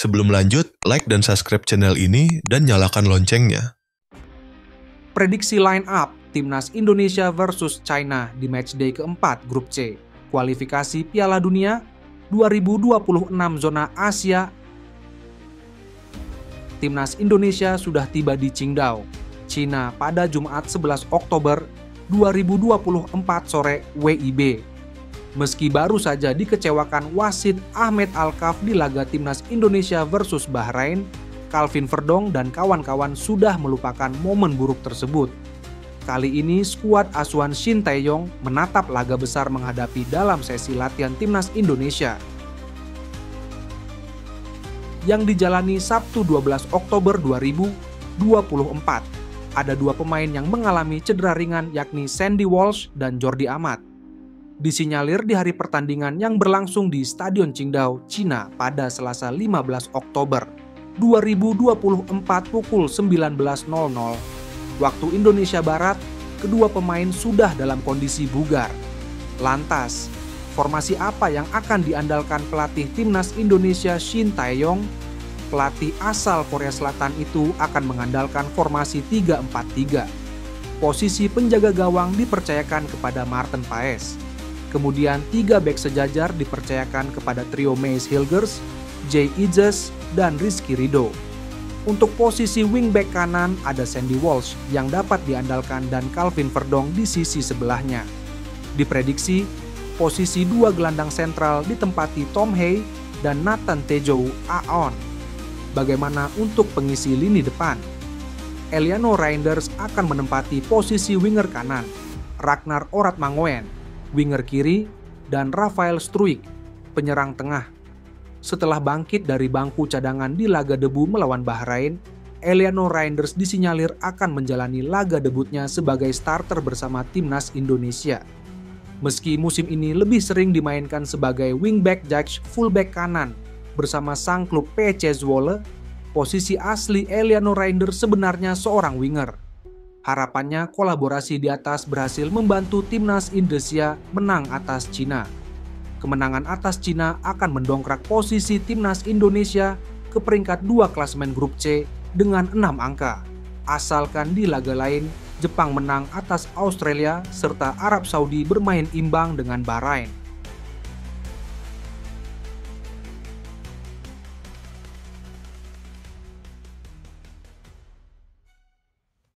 Sebelum lanjut, like dan subscribe channel ini dan nyalakan loncengnya. Prediksi line up Timnas Indonesia versus China di matchday keempat grup C. Kualifikasi Piala Dunia 2026 zona Asia. Timnas Indonesia sudah tiba di Qingdao, China pada Jumat 11 Oktober 2024 sore WIB meski baru saja dikecewakan wasit Ahmed Alkaf di laga timnas Indonesia versus Bahrain, Calvin Verdong dan kawan-kawan sudah melupakan momen buruk tersebut. Kali ini skuad asuhan Shin Taeyong menatap laga besar menghadapi dalam sesi latihan timnas Indonesia yang dijalani Sabtu 12 Oktober 2024. Ada dua pemain yang mengalami cedera ringan yakni Sandy Walsh dan Jordi Amat disinyalir di hari pertandingan yang berlangsung di Stadion Qingdao, Cina pada Selasa 15 Oktober 2024 pukul 19.00 waktu Indonesia Barat, kedua pemain sudah dalam kondisi bugar. Lantas, formasi apa yang akan diandalkan pelatih timnas Indonesia Shin Taeyong? Pelatih asal Korea Selatan itu akan mengandalkan formasi 3-4-3. Posisi penjaga gawang dipercayakan kepada Martin Paes Kemudian tiga back sejajar dipercayakan kepada trio Mace Hilgers, Jay Ijes, dan Rizky Rido. Untuk posisi wingback kanan ada Sandy Walsh yang dapat diandalkan dan Calvin Verdong di sisi sebelahnya. Diprediksi, posisi dua gelandang sentral ditempati Tom Hay dan Nathan Tejo Aon. Bagaimana untuk pengisi lini depan? Eliano Reinders akan menempati posisi winger kanan, Ragnar Orat Mangoen winger kiri, dan Rafael Struik, penyerang tengah. Setelah bangkit dari bangku cadangan di laga debu melawan Bahrain, Eliano Reinders disinyalir akan menjalani laga debutnya sebagai starter bersama timnas Indonesia. Meski musim ini lebih sering dimainkan sebagai wingback judge, fullback kanan bersama sang klub PC Zwolle, posisi asli Eliano Reinders sebenarnya seorang winger. Harapannya kolaborasi di atas berhasil membantu timnas Indonesia menang atas Cina. Kemenangan atas Cina akan mendongkrak posisi timnas Indonesia ke peringkat dua klasemen grup C dengan enam angka. Asalkan di laga lain, Jepang menang atas Australia serta Arab Saudi bermain imbang dengan Bahrain.